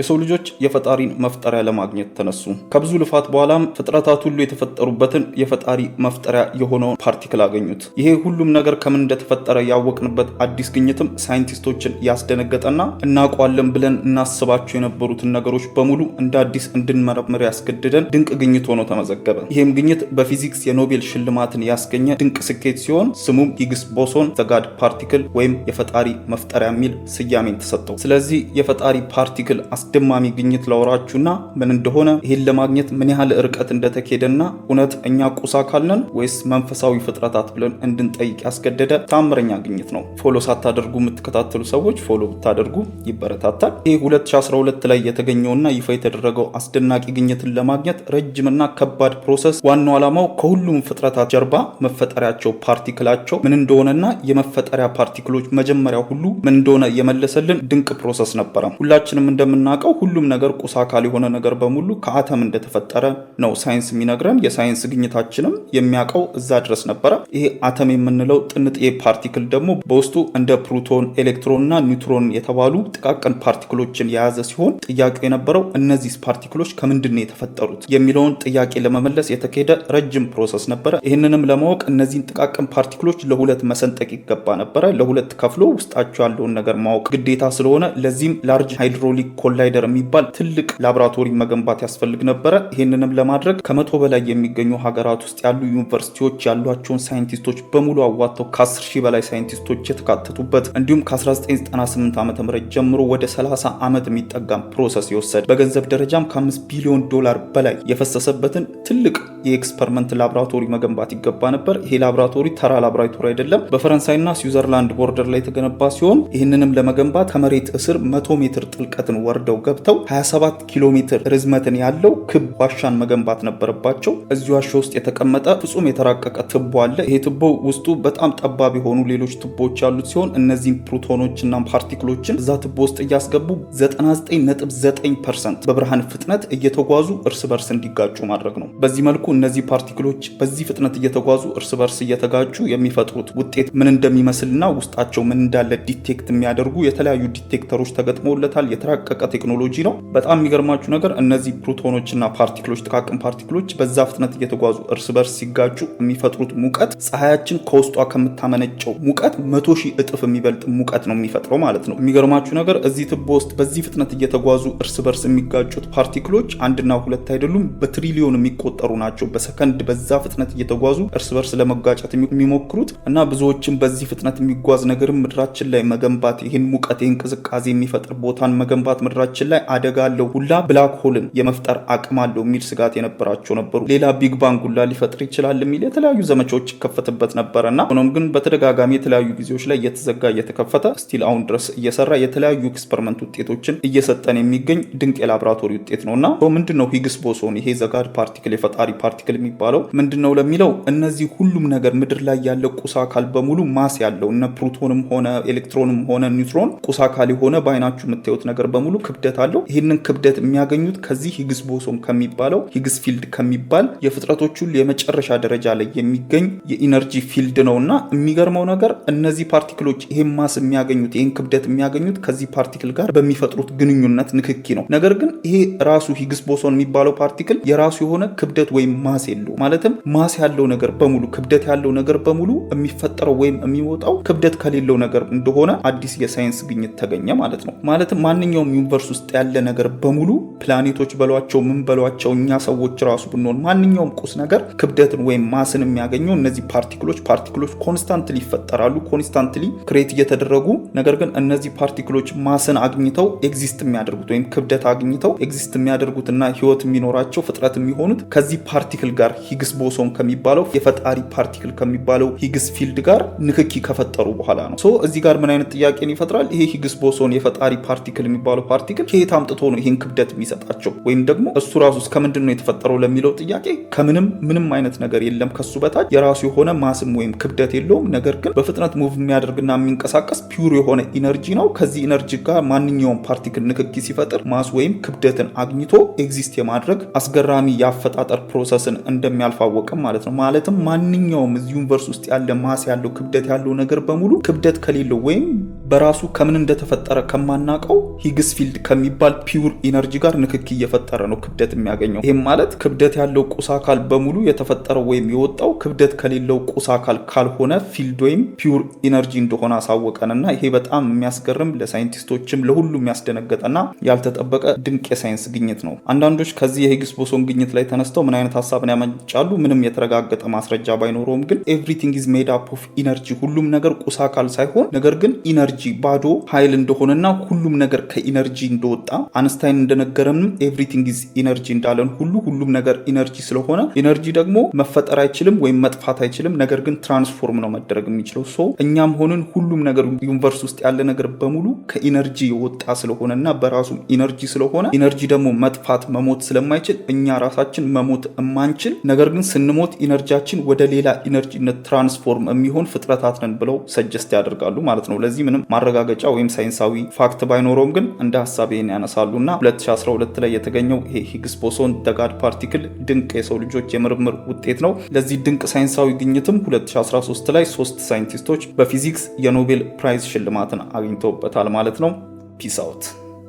የሰው ልጆች የፈጣሪን መፍጠሪያ ለማግኘት ተነሱ። ከብዙ ልፋት በኋላም ፍጥረታት ሁሉ የተፈጠሩበትን የፈጣሪ መፍጠሪያ የሆነውን ፓርቲክል አገኙት። ይሄ ሁሉም ነገር ከምን እንደተፈጠረ ያወቅንበት አዲስ ግኝትም ሳይንቲስቶችን ያስደነገጠና እናውቀዋለን ብለን እናስባቸው የነበሩትን ነገሮች በሙሉ እንደ አዲስ እንድንመረምር ያስገድደን ድንቅ ግኝት ሆኖ ተመዘገበ። ይህም ግኝት በፊዚክስ የኖቤል ሽልማትን ያስገኘ ድንቅ ስኬት ሲሆን ስሙም ሂግስ ቦሶን ዘጋድ ፓርቲክል ወይም የፈጣሪ መፍጠሪያ የሚል ስያሜን ተሰጠው። ስለዚህ የፈጣሪ ፓርቲክል አስደማሚ ግኝት ላውራችሁና ምን እንደሆነ ይህን ለማግኘት ምን ያህል ርቀት እንደተኬደና እውነት እኛ ቁስ አካል ነን ወይስ መንፈሳዊ ፍጥረታት ብለን እንድንጠይቅ ያስገደደ ታምረኛ ግኝት ነው። ፎሎ ሳታደርጉ የምትከታተሉ ሰዎች ፎሎ ብታደርጉ ይበረታታል። ይህ 2012 ላይ የተገኘውና ይፋ የተደረገው አስደናቂ ግኝትን ለማግኘት ረጅምና ከባድ ፕሮሰስ ዋናው ዓላማው ከሁሉም ፍጥረታት ጀርባ መፈጠሪያቸው ፓርቲክላቸው ምን እንደሆነና የመፈጠሪያ ፓርቲክሎች መጀመሪያ ሁሉ ምን እንደሆነ የመለሰልን ድንቅ ፕሮሰስ ነበረ። ሁላችንም እንደምና የምናውቀው ሁሉም ነገር ቁስ አካል የሆነ ነገር በሙሉ ከአተም እንደተፈጠረ ነው ሳይንስ የሚነግረን። የሳይንስ ግኝታችንም የሚያውቀው እዛ ድረስ ነበረ። ይሄ አተም የምንለው ጥንጥዬ ፓርቲክል ደግሞ በውስጡ እንደ ፕሮቶን፣ ኤሌክትሮን እና ኒውትሮን የተባሉ ጥቃቅን ፓርቲክሎችን የያዘ ሲሆን ጥያቄው የነበረው እነዚህ ፓርቲክሎች ከምንድን ነው የተፈጠሩት የሚለውን ጥያቄ ለመመለስ የተካሄደ ረጅም ፕሮሰስ ነበረ። ይህንንም ለማወቅ እነዚህን ጥቃቅን ፓርቲክሎች ለሁለት መሰንጠቅ ይገባ ነበረ። ለሁለት ከፍሎ ውስጣቸው ያለውን ነገር ማወቅ ግዴታ ስለሆነ ለዚህም ላርጅ ሃይድሮሊክ ኮላ ላይደር የሚባል ትልቅ ላቦራቶሪ መገንባት ያስፈልግ ነበረ። ይህንንም ለማድረግ ከመቶ በላይ የሚገኙ ሀገራት ውስጥ ያሉ ዩኒቨርሲቲዎች ያሏቸውን ሳይንቲስቶች በሙሉ አዋጥተው ከ10 ሺህ በላይ ሳይንቲስቶች የተካተቱበት እንዲሁም ከ1998 ዓ ም ጀምሮ ወደ 30 ዓመት የሚጠጋም ፕሮሰስ የወሰደ በገንዘብ ደረጃም ከ5 ቢሊዮን ዶላር በላይ የፈሰሰበትን ትልቅ የኤክስፐሪመንት ላቦራቶሪ መገንባት ይገባ ነበር። ይሄ ላቦራቶሪ ተራ ላቦራቶሪ አይደለም። በፈረንሳይና ስዊዘርላንድ ቦርደር ላይ የተገነባ ሲሆን ይህንንም ለመገንባት ከመሬት እስር መቶ ሜትር ጥልቀትን ወርደው አድርገው ገብተው 27 ኪሎ ሜትር ርዝመትን ያለው ክብ ዋሻን መገንባት ነበረባቸው። እዚህ ዋሻ ውስጥ የተቀመጠ ፍጹም የተራቀቀ ትቦ አለ። ይሄ ትቦ ውስጡ በጣም ጠባብ የሆኑ ሌሎች ትቦዎች ያሉት ሲሆን እነዚህም ፕሮቶኖችና ፓርቲክሎችን እዛ ትቦ ውስጥ እያስገቡ 99.9% በብርሃን ፍጥነት እየተጓዙ እርስ በርስ እንዲጋጩ ማድረግ ነው። በዚህ መልኩ እነዚህ ፓርቲክሎች በዚህ ፍጥነት እየተጓዙ እርስ በርስ እየተጋጩ የሚፈጥሩት ውጤት ምን እንደሚመስልና ውስጣቸው ምን እንዳለ ዲቴክት የሚያደርጉ የተለያዩ ዲቴክተሮች ተገጥመውለታል። የተራቀቀ ቴክኖሎጂ ነው። በጣም የሚገርማችሁ ነገር እነዚህ ፕሮቶኖችና ፓርቲክሎች፣ ጥቃቅን ፓርቲክሎች በዛ ፍጥነት እየተጓዙ እርስ በርስ ሲጋጩ የሚፈጥሩት ሙቀት ፀሐያችን ከውስጧ ከምታመነጨው ሙቀት መቶ ሺህ እጥፍ የሚበልጥ ሙቀት ነው የሚፈጥረው ማለት ነው። የሚገርማችሁ ነገር እዚህ ትቦ ውስጥ በዚህ ፍጥነት እየተጓዙ እርስ በርስ የሚጋጩት ፓርቲክሎች አንድና ሁለት አይደሉም፣ በትሪሊዮን የሚቆጠሩ ናቸው። በሰከንድ በዛ ፍጥነት እየተጓዙ እርስ በርስ ለመጋጨት የሚሞክሩት እና ብዙዎችን በዚህ ፍጥነት የሚጓዝ ነገርም ምድራችን ላይ መገንባት ይህን ሙቀት ይህን ቅዝቃዜ የሚፈጥር ቦታን መገንባት ምድራችን በምድራችን ላይ አደጋ አለው ሁላ ብላክ ሆልን የመፍጠር አቅም አለው የሚል ስጋት የነበራቸው ነበሩ። ሌላ ቢግ ባንግ ሁላ ሊፈጥር ይችላል የሚል የተለያዩ ዘመቻዎች ይከፈትበት ነበረ እና ሆኖም ግን በተደጋጋሚ የተለያዩ ጊዜዎች ላይ እየተዘጋ እየተከፈተ ስቲል አሁን ድረስ እየሰራ የተለያዩ ኤክስፐሪመንት ውጤቶችን እየሰጠን የሚገኝ ድንቅ የላብራቶሪ ውጤት ነው እና ምንድን ነው ሂግስ ቦሶን ይሄ ዘጋድ ፓርቲክል የፈጣሪ ፓርቲክል የሚባለው ምንድን ነው ለሚለው እነዚህ ሁሉም ነገር ምድር ላይ ያለ ቁሳ አካል በሙሉ ማስ ያለው እነ ፕሮቶንም ሆነ ኤሌክትሮንም ሆነ ኒውትሮን ቁሳ አካል የሆነ በአይናችሁ የምታዩት ነገር በሙሉ ክብደ ክብደት አለው። ይህንን ክብደት የሚያገኙት ከዚህ ሂግስ ቦሶን ከሚባለው ሂግስ ፊልድ ከሚባል የፍጥረቶቹን የመጨረሻ ደረጃ ላይ የሚገኝ የኢነርጂ ፊልድ ነው እና የሚገርመው ነገር እነዚህ ፓርቲክሎች ይህን ማስ የሚያገኙት ይህን ክብደት የሚያገኙት ከዚህ ፓርቲክል ጋር በሚፈጥሩት ግንኙነት ንክኪ ነው። ነገር ግን ይሄ ራሱ ሂግስ ቦሶን የሚባለው ፓርቲክል የራሱ የሆነ ክብደት ወይም ማስ የለው። ማለትም ማስ ያለው ነገር በሙሉ ክብደት ያለው ነገር በሙሉ የሚፈጠረው ወይም የሚወጣው ክብደት ከሌለው ነገር እንደሆነ አዲስ የሳይንስ ግኝት ተገኘ ማለት ነው። ማለትም ማንኛውም ዩኒቨርስ ዩኒቨርስ ውስጥ ያለ ነገር በሙሉ ፕላኔቶች በሏቸው ምን በሏቸው እኛ ሰዎች ራሱ ብንሆን ማንኛውም ቁስ ነገር ክብደትን ወይም ማስን የሚያገኘው እነዚህ ፓርቲክሎች ፓርቲክሎች ኮንስታንትሊ ይፈጠራሉ፣ ኮንስታንትሊ ክሬት እየተደረጉ ነገር ግን እነዚህ ፓርቲክሎች ማስን አግኝተው ኤግዚስት የሚያደርጉት ወይም ክብደት አግኝተው ኤግዚስት የሚያደርጉትና ህይወት የሚኖራቸው ፍጥረት የሚሆኑት ከዚህ ፓርቲክል ጋር ሂግስ ቦሶን ከሚባለው የፈጣሪ ፓርቲክል ከሚባለው ሂግስ ፊልድ ጋር ንክኪ ከፈጠሩ በኋላ ነው። እዚህ ጋር ምን አይነት ጥያቄን ይፈጥራል? ይሄ ሂግስ ቦሶን የፈጣሪ ፓርቲክል የሚባለው ፓርቲ ግን ከየት አምጥቶ ነው ይህን ክብደት የሚሰጣቸው? ወይም ደግሞ እሱ ራሱ እስከ ምንድን ነው የተፈጠረው ለሚለው ጥያቄ ከምንም ምንም አይነት ነገር የለም ከሱ በታች የራሱ የሆነ ማስም ወይም ክብደት የለውም። ነገር ግን በፍጥነት ሙቭ የሚያደርግና የሚንቀሳቀስ ፒውር የሆነ ኢነርጂ ነው። ከዚህ ኢነርጂ ጋር ማንኛውም ፓርቲክል ንክኪ ሲፈጥር ማስ ወይም ክብደትን አግኝቶ ኤግዚስት የማድረግ አስገራሚ የአፈጣጠር ፕሮሰስን እንደሚያልፋወቅም ማለት ነው። ማለትም ማንኛውም እዚህ ዩኒቨርስ ውስጥ ያለ ማስ ያለው ክብደት ያለው ነገር በሙሉ ክብደት ከሌለው ወይም በራሱ ከምን እንደተፈጠረ ከማናቀው ሂግስ ፊልድ ከሚባል ፒውር ኢነርጂ ጋር ንክኪ እየፈጠረ ነው ክብደት የሚያገኘው። ይህም ማለት ክብደት ያለው ቁስ አካል በሙሉ የተፈጠረው ወይም የወጣው ክብደት ከሌለው ቁስ አካል ካልሆነ ፊልድ ወይም ፒውር ኢነርጂ እንደሆነ አሳወቀን እና ይሄ በጣም የሚያስገርም ለሳይንቲስቶችም ለሁሉ ያስደነገጠና ያልተጠበቀ ድንቅ የሳይንስ ግኝት ነው። አንዳንዶች ከዚህ የሂግስ ቦሶን ግኝት ላይ ተነስተው ምን አይነት ሀሳብን ያመጫሉ? ምንም የተረጋገጠ ማስረጃ ባይኖረውም ግን ኤቭሪቲንግ ኢዝ ሜድ አፕ ኦፍ ኢነርጂ፣ ሁሉም ነገር ቁስ አካል ሳይሆን ነገር ግን ኢነርጂ ባዶ ኃይል እንደሆነና ሁሉም ነገር ከኢነርጂ እንደወጣ አንስታይን እንደነገረንም ኤቭሪቲንግ ኢዝ ኢነርጂ እንዳለን ሁሉ ሁሉም ነገር ኢነርጂ ስለሆነ ኢነርጂ ደግሞ መፈጠር አይችልም ወይም መጥፋት አይችልም። ነገር ግን ትራንስፎርም ነው መደረግ የሚችለው። ሶ እኛም ሆንን ሁሉም ነገር ዩኒቨርስ ውስጥ ያለ ነገር በሙሉ ከኢነርጂ የወጣ ስለሆነ እና በራሱም ኢነርጂ ስለሆነ ኢነርጂ ደግሞ መጥፋት መሞት ስለማይችል እኛ ራሳችን መሞት የማንችል ነገር ግን ስንሞት ኢነርጂያችን ወደ ሌላ ኢነርጂነት ትራንስፎርም የሚሆን ፍጥረታት ነን ብለው ሰጀስት ያደርጋሉ ማለት ነው። ለዚህ ምንም ማረጋገጫ ወይም ሳይንሳዊ ፋክት ባይኖረውም ግን እንደ ሀሳብ ሀሳቤን ያነሳሉና 2012 ላይ የተገኘው የሂግስ ቦሶን ደጋድ ፓርቲክል ድንቅ የሰው ልጆች የምርምር ውጤት ነው። ለዚህ ድንቅ ሳይንሳዊ ግኝትም 2013 ላይ ሶስት ሳይንቲስቶች በፊዚክስ የኖቤል ፕራይዝ ሽልማትን አግኝተውበታል ማለት ነው። ፒስ አውት